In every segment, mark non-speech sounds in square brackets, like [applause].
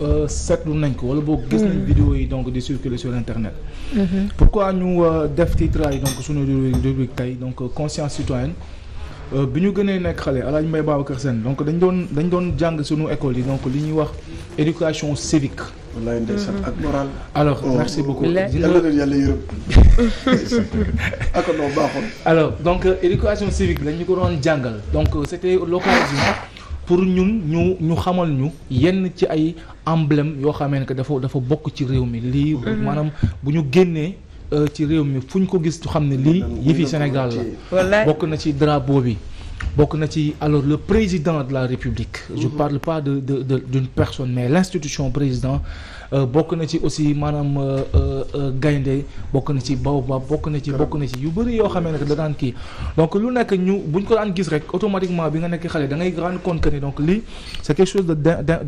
Euh, seetlu nañ ko wala boo gis nañ hmm. vidéo yi donc di circuler sur internet mm-hmm. pourquoi ñu euh, def titre yi donc suñu rubrique tey donc euh, conscience citoyenne bi ñu gënee nekk xale El Hadj Mbaye Babacar Sène donc dañ doon dañ doon jàng suñu école yi donc li ñuy wax éducation civique wallaay mm-hmm. ak moral alors oh. merci beaucoup yàlla na yàlla yërëm [laughs] ak non baaxoon alors donc éducation civique dañu ko doon jàngal donc c'était l'occasion pour ñun ñu ñu xamal ñu yenn ci ay emblème yoo xamee ne dafa dafa bokk ci réew mi lii mhm. maanaam bu ñu génnee euh, ci réew mi fu ñu ko gis ñu xam ne lii yëfi Sénégal la bokk na ci drapeau bi bokk na ci alors le président de la république je mhm. parle pas de de de d'une personne mais l'institution président euh, bokk na ci aussi maanaam euh, euh, gaynde bokk na ci baobab bokk na ci bokk na ci yu bëri yoo xamee ne da daan kii donc lu nekk ñu buñ ko daan gis rek automatiquement bi nga nekk xale da ngay rendre compte que ni donc lii c'est quelque chose de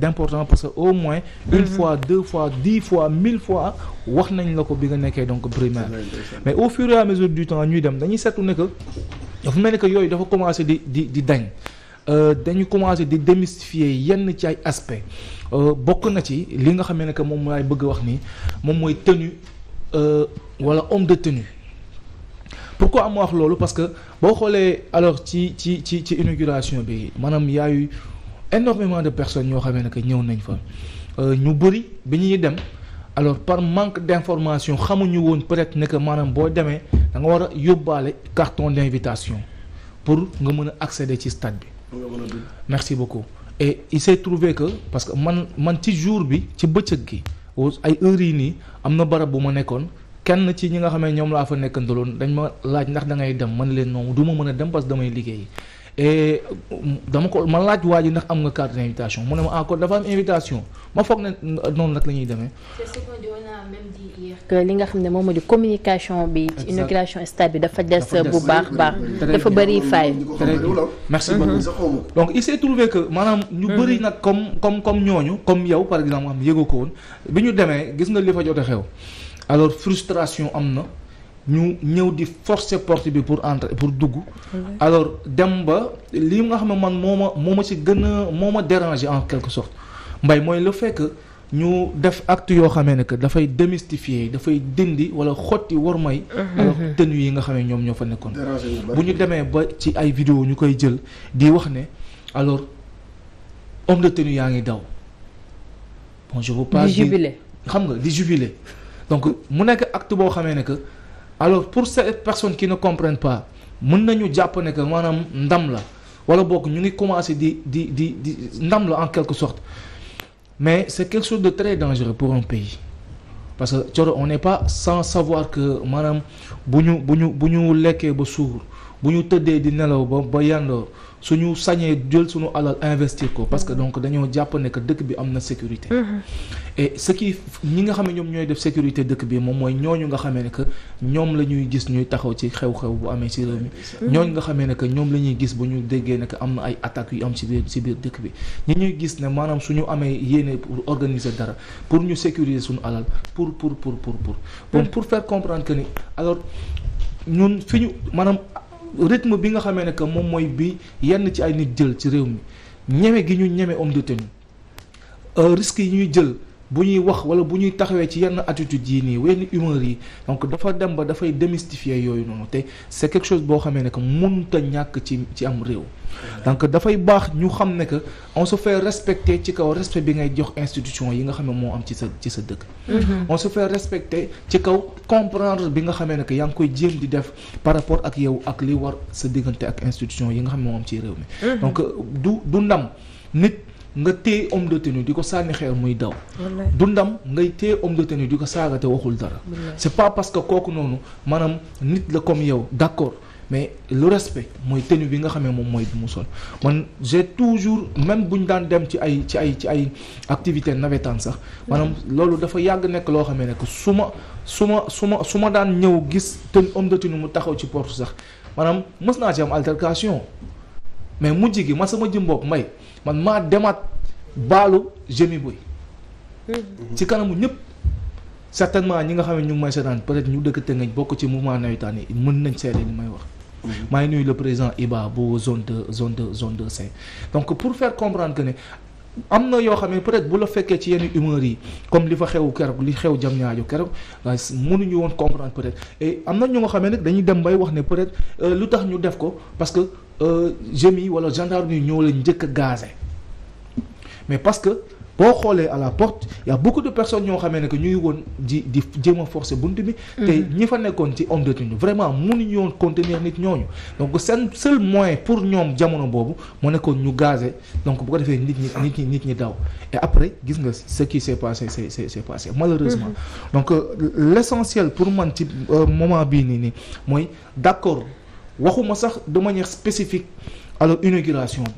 d'important parce que au moins une mhm. fois deux fois dix fois mille fois wax nañ la ko bi nga nekkee donc primaire mais au fur et à mesure du temps ñuy dem dañuy seetlu ne dafa mel ni que yooyu dafa commencé di di di dañ euh, dañu commencé di démystifier yenn ci ay aspects euh, bokk na ci li nga xam ne que moom laay bëgg wax ni moom mooy tenue euh, wala homme de pour ko am wax loolu parce que boo xoolee alors ci ci ci ci inauguration bi maanaam yaayu énormément de personnes ñoo xam ne ñëw nañ fa ñu bëri bi ñuy dem alors par manque d'information xamuñu woon peut-être ne maanaam boo demee. da nga war a yóbbaale carton d'invitation pour nga mën a accéder ci stade bi. merci beaucoup. et il s'est trouvé que parce que man man ci jour bi ci bëccëg gi ay heures yi nii am na barab bu ma nekkoon kenn ci ñi nga xam ne ñoom laa fa nekkandaloon dañ ma laaj ndax da ngay dem man leen noonu du ma mën a dem parce que damay liggéey e dama ko ma laaj waa ji ndax am nga carte d'invitation mu ne ma encore ah, dafa am invitation ma foog ne noonu nag la ñuy demee. que li nga xam ne moom moo di communication bi. ci inauguration stade bi dafa des bu baax baax. dafa bëri faay. merci mhm. beaucoup donc il s'est trouvé que maanaam ñu mhm. bëri nag comme comme ñooñu comme yow par exemple am yëgoo ko woon bi ñu demee gis nga li fa jote xew alors frustration am na. ñu ñëw di forcer porte bi pour entrer pour dugg. Mhm. alors dem ba li nga xam ne man moo ma moo ma ci gën a moo ma déranger en quelque sorte mbay mooy le fait ñu def acte yoo xamee ne que dafay démystifier dafay dindi wala xotti war may mhm. alors tenu yi nga xam ne ñoom ñoo fa nekkoon bu ñu demee ba ci ay video ñu koy jël di wax ne alors homme de tenue yaa ngi daw bon je veux xam nga di jubilé donc mu nekk acte boo xamee ne que alors pour ces personnes qui ne comprennent pas mën nañu jàpp ne que maanaam ndam la wala bokk ñu ngi commencé di di di di ndam la en quelque sorte mais c'est quelque chose de très dangereux pour un pays parce que Thioro on n'est pas sans savoir que maanaam bu ñu bu ñu bu ñu lekkee ba suur bu ñu tëddee di nelaw ba ba yàndoor suñu sañee jël suñu alal investir ko parce que mm-hmm. donc dañoo jàpp ne que dëkk bi am na sécurité mm-hmm. et ñi nga xam ne ñoom ñooy def sécurité dëkk bi moom mooy ñooñu nga xamee ne que ñoom la ñuy gis ñuy taxaw ci xew-xew bu amee ci réew mi mm-hmm. ñooñu nga xamee ne ñoom la ñuy gis bu ñu déggee ne am na ay attaques yu am ci biir ci biir dëkk bi ñu ñuy gis ne maanaam suñu amee yéene pour organiser dara pour ñu sécuriser suñu alal pour pour pour pour pour bon pour faire comprendre ni alors ñun fi ñu manam rythme bi nga xamee ne que moom mooy bi yenn ci ay nit jël ci réew mi ñeme gi ñu ñeme homme de tenue euh, risque yi ñuy jël bu ñuy wax wala bu ñuy taxawee ci yenn attitude yi nii yenn humeur yi donc dafa dem ba dafay démystifier yooyu noonu te c'est quelque chose boo xamee ne que mënut a ñàkk ci ci am réew. donc dafay baax ñu xam ne que on se fait respecter ci kaw respect bi ngay jox institution yi nga xam ne moo am ci sa ci sa dëkk. Mm-hmm. on respecter ci kaw comprendre bi nga xamee ne yaa ngi koy jéem di def par rapport ak yow ak li war sa diggante ak institution yi nga xam ne moo am ci réew mi. Mm-hmm. donc du du ndam nit. nga téye homme de tenue di ko sànni xeer muy daw dundam ngay téye homme de tenue di ko saaga te waxul dara c'est pas parce que kooku noonu maanaam nit la comme yow d'accord mais le respect mooy tenue bi nga xamee moom mooy bi mu sol man j'ai toujours même bu ñu daan dem ci ay ci ay ci ay activité nawetaan sax maanaam loolu dafa yàgg nekk loo xamee ne su ma su ma su ma su ma daan ñëw gis ten homme de tenue mu taxaw ci porte sax maanaam mës naa ci am altercation mais mujj gi ma sama jëm bopp man maa demaat baalu Gémi Boy mm-hmm. ci kanamu ñëpp certainement ñi nga xam ne ñu ngi may seetaan peut-être ñu dëkk Tëngéej bokk ci mouvement nawetaan yi mën nañ seede li may wax. Mm-hmm. maa ngi nuyu le président Iba bu zone de zone de zone de Saint donc pour faire comprendre que ne am na yoo xam ne peut-être bu la fekkee ci yenn humeur yi comme li fa xew keroog li xew jam ñaajo keroog munuñu woon comprendre peut-être am na ñu nga xam ne dañuy dem bay wax ne peut-être euh, lu tax ñu def ko parce Euh, gémi wala gendarme yi ñoo la njëkk a mais parce que boo xoolee à la porte y a de personne ñoo xamee ne que ñu ngi woon di di jéem a forcer bunt bi. Mm-hmm. te ñi fa nekkoon ci homme de tenue vraiment mënuñu woon contenir nit ñooñu donc seen seul moyen pour ñoom jamono boobu moo nekkoon ñu gazé donc bu ko defee nit ñi nit ñi nit ñi daw et après gis nga ce qui s'est passé c'est c'est c'est passé malheureusement. Mm-hmm. donc euh, l'essentiel pour man ci euh, moment bii nii nii mooy d'accord. waxuma sax de manière spécifique alors inauguration bi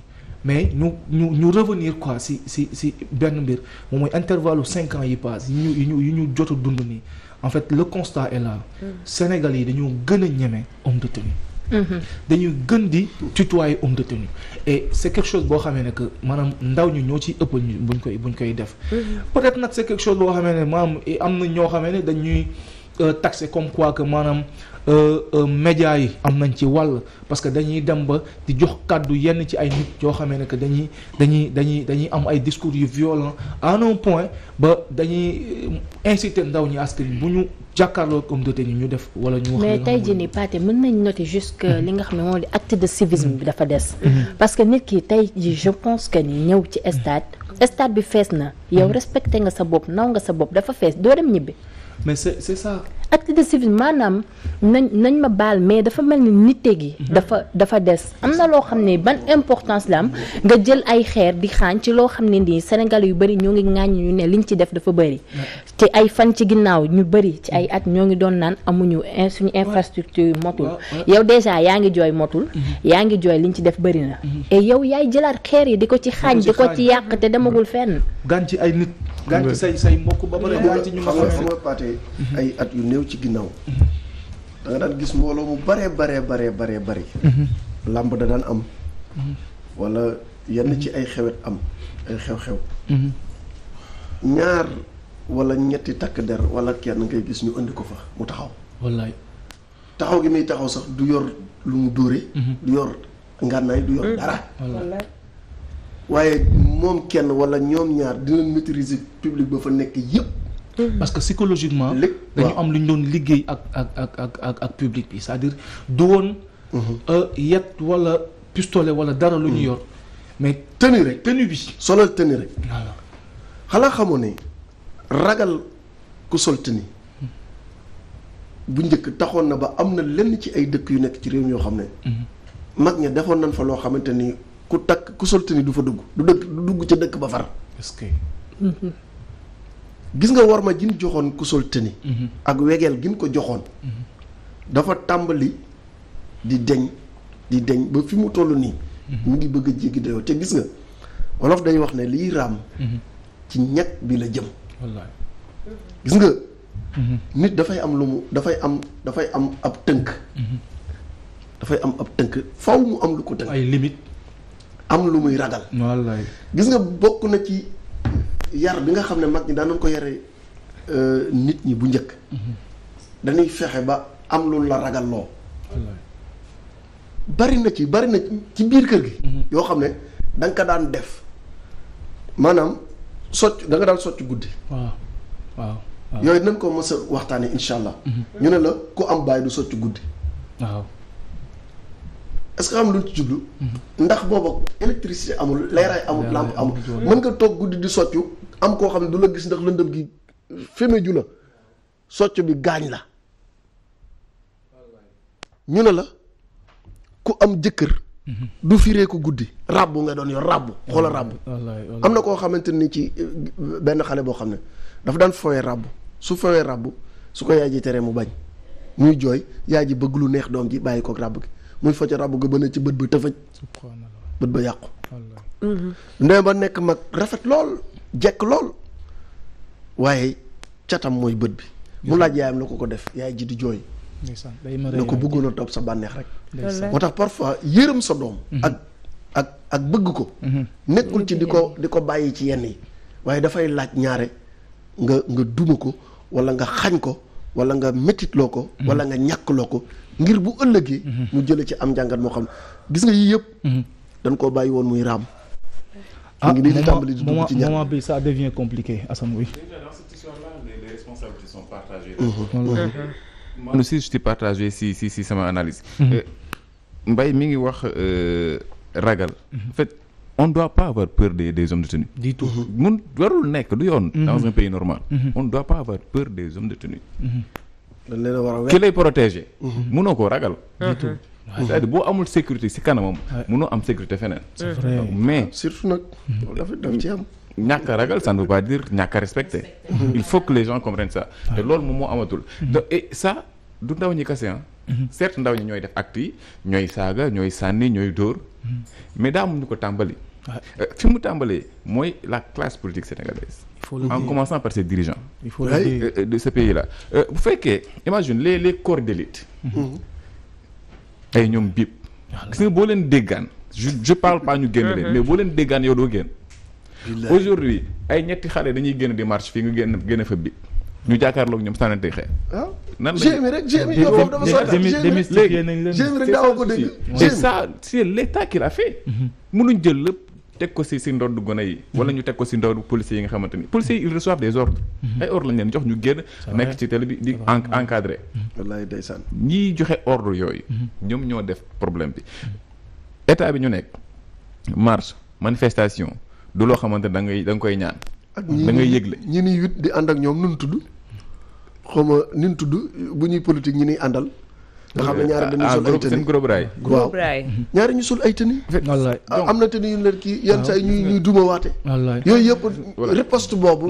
mais ñu ñu ñu revenir quoi si si si benn mbir moom mooy intervalle cinq ans yi passe yi ñu yi ñu yi ñu jot dund nii en fait le constat est là mm. Sénégal yi dañoo gën a ñeme homme de tenue mm-hmm. dañuy gën di tutoyer homme de tenue et c' est chose boo xamee ne que maanaam ndaw ñu ñoo ci ëpp buñ koy buñ koy def mm-hmm. peut-être nag c' est quelque chose boo xamee ne maanaam am na ñoo xamee ne dañuy Euh, taxé comme quoi que maanaam euh, euh, média yi am nañ ci wàll parce que dañuy dem ba di jox kàddu yenn ci ay nit yoo xamee ne que dañuy dañuy dañuy dañuy am ay discours yu violent à un point ba dañuy inciter ndaw ñi askan bu ñu jàkkaarloo comme doté ñu ñu def wala ñu wax mais tey jii ni Pathé mën nañ noter jusque mhm. li nga xam ne moom di acte de civisme bi dafa des mhm. parce que nit ki tey jii je pense que ni ñëw ci stade stade bi fees na yow mhm. respecté nga sa bopp naw nga sa bopp dafa fees doo dem mais c'est c'est ça. maanaam nañ nañ ma baal mais dafa mel ni nite gi. Mhm. dafa dafa des am na loo xam ne ban importance lam nga jël ay xeer di xaañ ci loo xam ne nii Sénégal yu bëri ñoo ngi ŋàññ ñu ne liñ ci def dafa bëri. te ay fan ci ginnaaw ñu bëri ci ay at ñoo ngi doon naan amuñu suñu infrastructure yu motul. yow déjà yaa ngi jooy motul. Mhm. yaa ngi jooy liñ ci def bëri na. Mhm. et yow yaay jëlaat xeer yi di ko ci xaañ di ko ci yàq te demagul fenn. gan ci ay nit. gan xoolee. Mm-hmm. ay at yu néew ci ginnaaw. Mm-hmm. da nga daan gis mbooloo mu baree baree baree baree bari. Mm-hmm. làmb da daan am. wala yenn ci ay xewet am ay xew-xew. ñaar wala ñetti takk der wala kenn ngay gis ñu indi ko fa mu taxaw. wallaay taxaw gi muy taxaw sax du yor lu mu dóore. du yor ngànnaay du yor dara. waaye moom kenn wala ñoom ñaar dina maîtriser public ba fa nekk yépp Mm-hmm. parce que psychologiquement. dañu am lu ñu doon liggéey ak ak ak ak ak ak public bi cest à du woon. Mm-hmm. Euh, yet wala pistolet wala dara lu ñu mm-hmm. yor. mais tenue rek tenue bi. solal tenue rek. voilà xamoon ne ragal ku sol tenue bu njëkk taxoon na ba am na lenn ci ay dëkk yu nekk ci réew ñoo xam ne. mag ña defoon nañ fa loo xamante ni ku takk ku sol tenue du fa dugg du dëkk dugg ca dëkk ba far. gis nga war ma jin joxoon ku sol tëni mhm. ak wegeel gin ko joxoon mhm. dafa tàmbali di deñ di deñ ba fi mu toll nii mhm. mu ngi bëgg a jéggi dayoo te gis nga wolof day wax ne liy raam ci ñag bi la jëm wallaay gis nga nit dafay am lu mu dafay am dafay am ab tënk dafay am ab tënk faw mu am lu ko tënk ay limite am lu muy ragal gis nga bokk na ci yar bi nga xam ne mag ñi daan nañ ko yare euh, nit ñi bu njëkk dañuy fexe ba am lu la ragal loo bari na ci bari na ci biir kër gi yoo xam ne da nga ko daan def maanaam socc da nga daan socc guddi waaw yooyu nañ ko mës a waxtaane incha allah mhm. ñu ne la ku am baay lu socc guddi est-ce que xam lu ci mm-hmm. ndax booba électricité amul leeraay amul lampe amul. mën nga toog guddi di soccu am koo xam ne du la gis ndax lëndëm gi feme ju la soccu bi gaañ la ñu ne la ku am jëkkër. Mm-hmm. du fiiree ko guddi ràbbu nga doon yor ràbb xoola ràbbu am na koo xamante ni ci eh, benn xale boo xam ne dafa daan fowee ràbb su fowee ràbb su ko yaay ji teree mu bañ ñuy jooy yaay ji bëgg lu neex doom ji bàyyi kook ràbb gi muy fa ca rabu ga ci bët ba tëfëj bët ba yàqu ndee ba nekk mag rafet lool jekk lool waaye catam mooy bët bi mu laaj yaayam la ko ko def yaay ji di jooy ne ko bëggoon a topp sa bànneex rek moo tax parfois yërëm sa doom mhm. ak ak ak bëgg ko mhm. nekkul ci di ko di ko bàyyi ci yenn yi waaye dafay laaj ñaare nga nga duma ko wala nga xañ ko wala nga mettitloo ko mhm. wala nga ñàkkloo ko ngir bu ëllëgee. ñu mhm. jëlee ci am njàngat moo xam gis nga yii yëpp. Mhm. dañ koo bàyyi woon muy raam. ah moment moment bi ça devient compliqué Assane oui. déjà dans cette si si si sama analyse. Mhm. Euh, Mbaye mi ngi wax euh, ragal. en fait on doit pas avoir peur des des hommes de tenue. du mun warul nekk du yoon. dans un pays normal. on doit pas avoir peur des hommes de tenue. dañ leen war a ki lay protéger. mënoo mhm. koo ragal. Mhm. c'est-à-dire boo amul sécurité si kanamam. munoo am sécurité feneen. mais ah, surtout nag. dafa ñàkk ragal ça ne veut pas dire ñàkk a mhm. il faut que les gens comprennent ça. te loolu moom moo amatul. et du ndaw ñi kese ah. certes ndaw ñi ñooy def acte yi ñooy saaga ñooy sànni ñooy dóor. mais daa am ñu ko tàmbali. Euh, fi mu tàmbalee mooy la classe politique sénégalaise. il faut le dire en commençant par ses dirigeants. Euh, de ce pays là. Euh, bu fekkee imagine les les corps d'élite. Mhm. ay ñoom bip. gis nga boo leen déggaan je je parle pas ñu génn leen mhm. mais boo leen déggaan yow doo génn. aujourd'hui ay ñetti xale dañuy génn di marche fii nga génn génn fa bip. ñu jàkkaarloog ñoom sànnante xeex. Ah. nan la jéem rek jéem yow foofu dafa soxla jéem jéem rek daawoo ko dégg. c'est ça c'est l'état qui l'a fait. Mhm. mënuñ jël lépp. teg ko si si ndoddu gone yi wala ñu teg ko si ndoddu policiers yi nga xamante ni policiers yi ils reçoivent des ordres mhm. ay ordres lañ leen jox ñu génn nekk ci télé bi di encadré mhm. wallaay ndeysaan ñiy joxe ordre yooyu mhm. ñoom ñoo def problème bi état bi ñu nekk marche manifestation du loo xamante da ngay da nga koy ñaan da ngay yëgle ñi ni wit di ànd ak ñoom nun tudd xaw ma nun tudd bu ñuy politique ñi niy àndal nga xam ne ñaari dañuy ah, sol ah, ay tëni seen groupe raay waaw ñaari ñu sol ay tëni wallaay ah, am na tëni yu leen kii yenn saa yi ñuy ñuy duma waate yooyu yëpp riposte boobu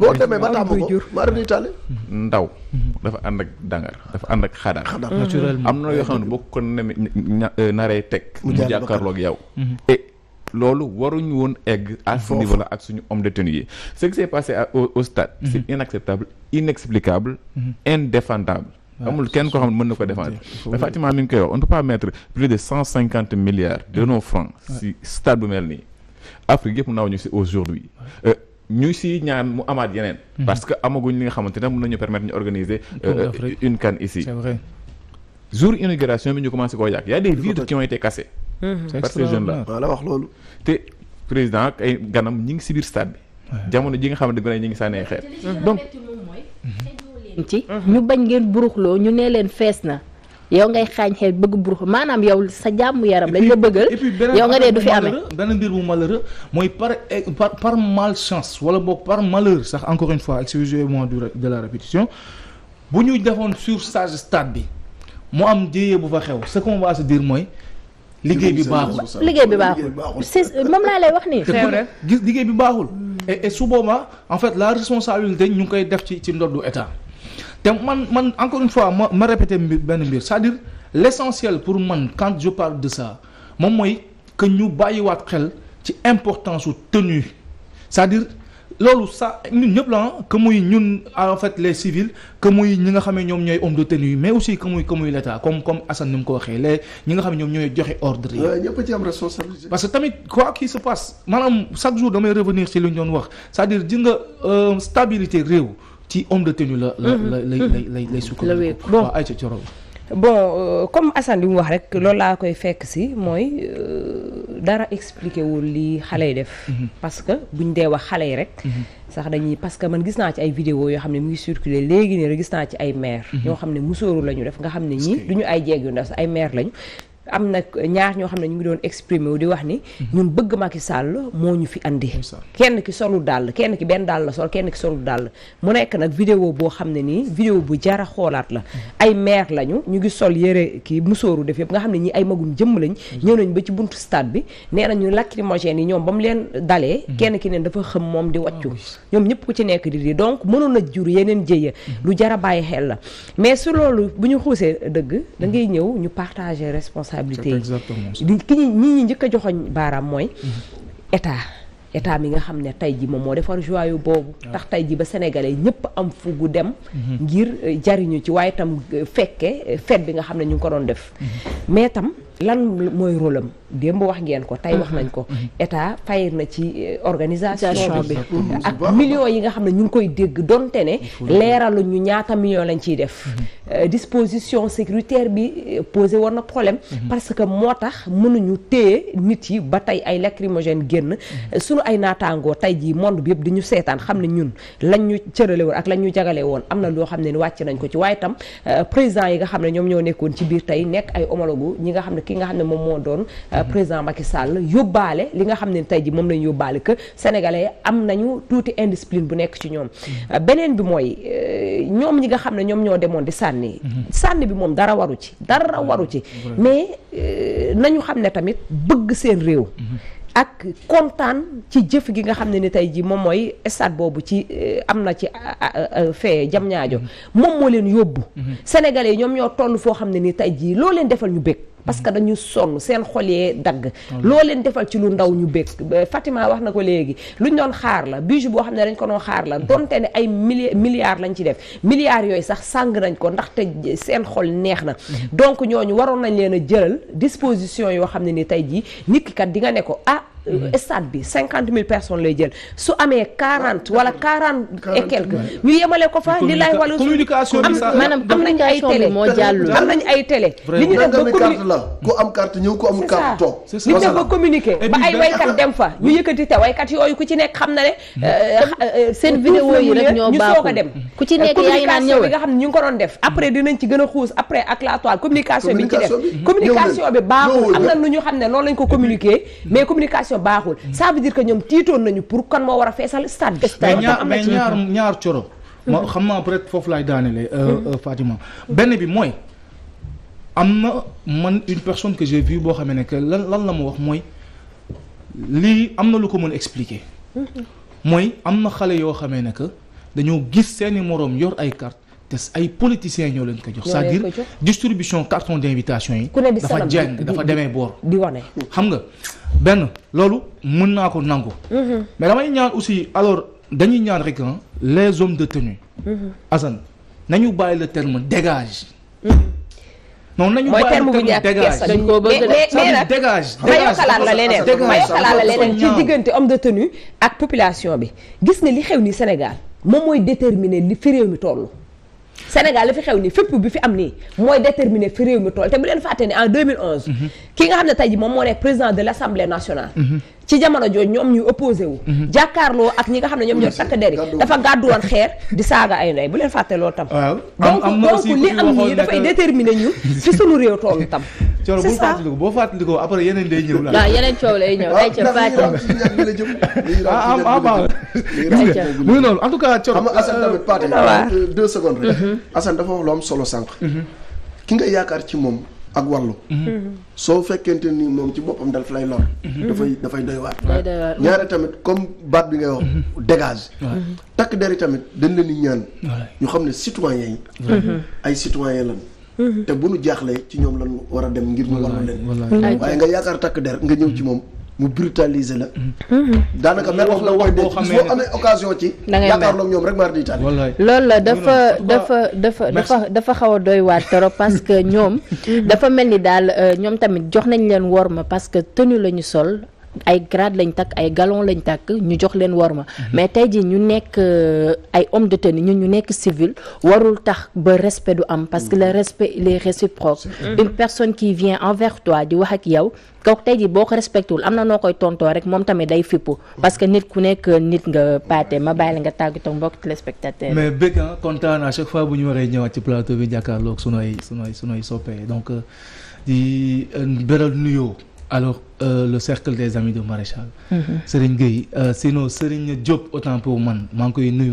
boo demee ba tàmm ko maa ref taale ndaw dafa ànd ak dangar dafa ànd ak xadar mm-hmm. am na yoo xam ne boo ko eh, naree teg mu jàkkaarloog yow mm-hmm. loolu waruñu woon egg à ce niveau là ak suñu homme de tenue yi ce qui s'est passé au stade mm-hmm. c'est inacceptable inexplicable indéfendable Ah, amul kenn koo xam mën na ko défendre mais Fatima mi ngi koy wax on ne peut pas mettre plus de cent cinquante milliards de mm. nos francs si stade bu mel nii Afrique yëpp naaw ñu si aujourd'hui euh, ñu si ñaan mu amaat yeneen mm-hmm. parce que amaguñ li nga xamante ne mun nañu permettre ñu organiser une euh, CAN ici c'est jour inauguration bi ñu commencé koo yàq y a des vitres qui ont été cassées mm-hmm. par te président ak ay ganam ñi ngi si biir stade bi jamono ji nga xamante ne ñu ngi sànnee xeer donc jigéen ci ñu bañ ngeen buruxloo ñu nee leen fees na yow ngay xaañ xel bëgg burux maanaam yow sa jàmm yaram lañ la bëggal yow nga dee du fi amee benn mbir bu malheureux mooy par eh, par par malchance wala boog par malheur sax encore une fois excusez-moi de la répétition bu ñu defoon sage stade bi mu am jéyee bu fa xew ce qu'on va se dire mooy liggéey bi baaxul liggéey bi baaxul moom laa lay wax nii gis liggéey bi baaxul su booba en fait la responsabilité ñu ngi koy def ci ci ndoddu état te man man encore une fois ma ma répété benn mbir c'est-à-dire l'essentiel pour man quand je parle de ça moom mooy que ñu bàyyiwaat xel ci importance su tenue c'est-à-dire loolu ça ñun ñëpp la que muy ñun en fait les civils que muy ñi nga xam ne ñoom ñooy homme de tenue mais aussi que muy que muy l'état comme comme Assane ni mu ko waxee les ñi nga xam ñoom ñooy joxe ordre yi. Euh, parce que tamit quoi qu'il se passe maanaam chaque jour damay revenir ci li ñu doon wax c'est-à-dire nga euh, stabilité réew. ci homme de tenue la. la mhm. la mhm. lay lay lay sukkandiku. bon waaw ayca Thioro. Euh, comme Assane li mu wax rek loolu laa koy fekk si mooy euh, dara expliqué wul li xale yi def. Mhm. parce que buñ dee wax xale yi rek. sax dañuy parce que man gis naa ci ay vidéo yoo xam ne mu ngi circulé léegi nii rek gis naa ci ay maire. yoo xam ne musóoru la ñu def nga xam ne ñii du ñu ay jeeg yu ndaw ay maire lañu. am na ñaar ñoo xam ne ñu ngi doon exprimer wu di wax ni. ñun bëgg Macky sàll moo ñu fi andi. kenn ki solu dàll kenn ki benn dàll la sol kenn ki solu dàll. mu nekk nag vidéo boo xam ne nii vidéo bu jara xoolaat la. ay maire lañu ñu ngi sol yëre kii musóoru def yëpp nga xam ne ñi ay magum jëmm lañ. ñëw nañ ba ci buntu stade bi nee nañu lacrymogène yi ñoom ba mu leen dalee. Mhm. kenn ki neen dafa xëm moom di wàccu. Ah ñoom ñëpp ku ci nekk di di donc mënoon a jur yeneen jëye. Mhm. lu jara bàyyi xel la mais su loolu bu ñu xuusee dëgg dangay ñëw ñu partager responsabilité responsabilité yi li ki ñi ñi ñi njëkk a joxoñ baaraam mooy mhm. état état mi nga xam ne tey ji moom moo defar joyau boobu ah. tax tey ji ba sénégalais ñëpp am fugu dem mhm. ngir euh, jariñu ci waaye tam euh, fekke euh, fet bi nga xam ne ñu ngi ko doon def mhm. mais tam lan mooy rôle démb wax ngeen ko tey wax nañ ko mm-hmm. Mm-hmm. état fayir na ci euh, organisation bi mm-hmm. ak millions yi nga xam ne ñu ngi koy dégg donte ne leeralu ñu ñaata million lañ ciy def euh, disposition sécuritaire bi euh, posé woon na problème parce que moo tax mënuñu téye nit yi ba tey ay lacrymogène génn suñu ay naataangoo tey jii monde bi yëpp di ñu seetaan xam ne ñun lañ ñu cërale woon ak lañ ñu jagale woon am na loo xam ne ni wàcc nañ ko ci waaye tam président yi nga xam ne ñoom ñoo nekkoon ci biir tey nekk ay ñi nga xam ne ki nga xam ne moom moo doon Euh, président Macky sàll yóbbaale li nga xam ne tey ji moom lañu yóbbaale que sénégalais am nañu tuuti indiscipline bu nekk ci ñoom euh, beneen bi mooy euh, ñoom ñi nga xam ne ñoom ñoo demoon di sànni mm-hmm. sànni bi moom dara waru ci dara waru ci mais nañu xam ne tamit bëgg seen réew mm-hmm. ak kontaan ci jëf gi nga xam ne ni tey jii moom mooy stade boobu ci am na ci fee jam ñaajo mm-hmm. moom moo leen yóbbu sénégalais ñoom ñoo ton foo xam ne ni tey jii loo leen defal ñu bëgg parce que dañu sonn seen xol yee dagg loo leen defal ci lu ndaw ñu bëgg Fatima wax na ko léegi luñ doon xaar la budget boo xam ne dañ ko doon xaar la donte ne ay mili milliards lañ ci def milliards yooyu sax sàng nañ ko ndaxte seen xol neex na mhm. donc ñooñu waroon nañ leen a jëlal disposition yoo xam ne ni tey jii nikkikat ki nga ne ko ah Euh, stade bi cinquante mille personnes lay jël su amee quarante wala quarante et ñu yemale ko fa li laay communication bi am nañ ba ay waykat dem fa ñu yëkkati te waykat yooyu ku ci nekk xam na ne hmm. euh, euh, seen vidéo yi rek ñu soog a dem ku ci nekk yaa ñëw bi nga xam ne ñu ngi doon def après hmm. dinañ ci gën xuus après ak la communication bi ñu ci def communication bi baaxul am na lu ñu xam ne loolu lañ ko communiqué mais hmm. communication fees fa baaxul ça veut dire que ñoom tiitoon nañu pour kan moo war a feesal stade bi mais ñaar ñaar coro ma xam naa peut-être foofu laay daanelee euh, hmm. euh, Fatima benn bi mooy am na man une personne que j'ai vu boo xamee ne que lan lan la ma wax mooy lii am na lu ko mën expliquer hmm. mooy am na xale yoo xamee ne que dañoo gis seeni moroom yor ay carte te ay politiciens ñoo leen ko jox c'est-à-dire distribution carton d'invitation yi dafa jeng dafa demee boor di wane xam nga benn loolu mën naa ko nangu mm-hmm. mais damay ñaan aussi alors dañuy ñaan rek les hommes de tenue mm-hmm. Assane nañu bàyyi le terme dégage mm-hmm. non nañu bàyyi le terme dégage dañ koo bëgg dégage ma yokkalaat la leneen ma yokkalaat la leneen ci diggante homme de tenue ak population bi gis nga li xew ni Sénégal moom mooy déterminer li fi réew mi toll Sénégal la fi xew nii fépp bi fi am ni mooy déterminer fi mi tool te bu leen fàtte ne en 2011. Mhm. nga xam ne tey moom moo nekk président de l' nationale. Mhm. ci jamono jooju ñoom ñu opposé wu mhm. jàkkaarloo ak ñi nga xam ne ñoom ñoo takk der yi dafa gàddu woon xeer di saaga ay ndey bu leen fàtte loolu tam donc donc li am nii dafay déterminer ñu ci sunu réew toll [laughs] noonu ah, ah, ah, en tout cas coro xam nga Assane euh, mhm. am solo sànq mhm. ki nga yaakaar ci moom ak wàllu soo fekkente ni moom ci boppam daf lay lor dafay dafay doy waar ñaare tamit comme baat bi ngay wax dégage takk der yi tamit dañ leen di ñaan ñu xam ne citoyen yi ay citoyen lan mhm. te bu nu jaaxlee ci ñoom lan war a dem ngir mu wàllu leen waaye nga yaakaar takk der nga ñëw ci moom mu brutaliser la. Mm-hmm. Mm-hmm. daanaka mer wax la wax de bis boo amee ci. da ngay yaakaar ñoom rek maar di taal. loolu la dafa dafa dafa dafa dafa xaw a doy waar trop parce que ñoom. [laughs] Mm-hmm. dafa mel ni daal euh, ñoom tamit jox nañ leen worma parce que tenue la ñu sol. ay grade lañ takk ay galon lañ takk ñu jox leen war ma mais tey ji ñu nekk euh, ay homme de tenue ñun ñu nekk civil warul tax ba respect du am parce que la respect il est mm-hmm. une personne qui vient envers toi di wax ak yow kooku tey ji boo ko respecté wul am na noo koy tontoo rek moom tamit day fippu parce que nit ku nekk nit nga paate ma bàyyi la nga tàggatoo mbokk téléspectateur mais bëgg ah kontaan à chaque fois bu ñu waree ñëwaat ci plateau bi jàkkaarloog sunuy sunuy sunuy soppee donc euh, di euh, beral alors euh, le cercle des amis de Maréchal. Mm-hmm. Serigne Gueye euh, sinon Serigne Diop autant pour man maa ngi koy nuyu.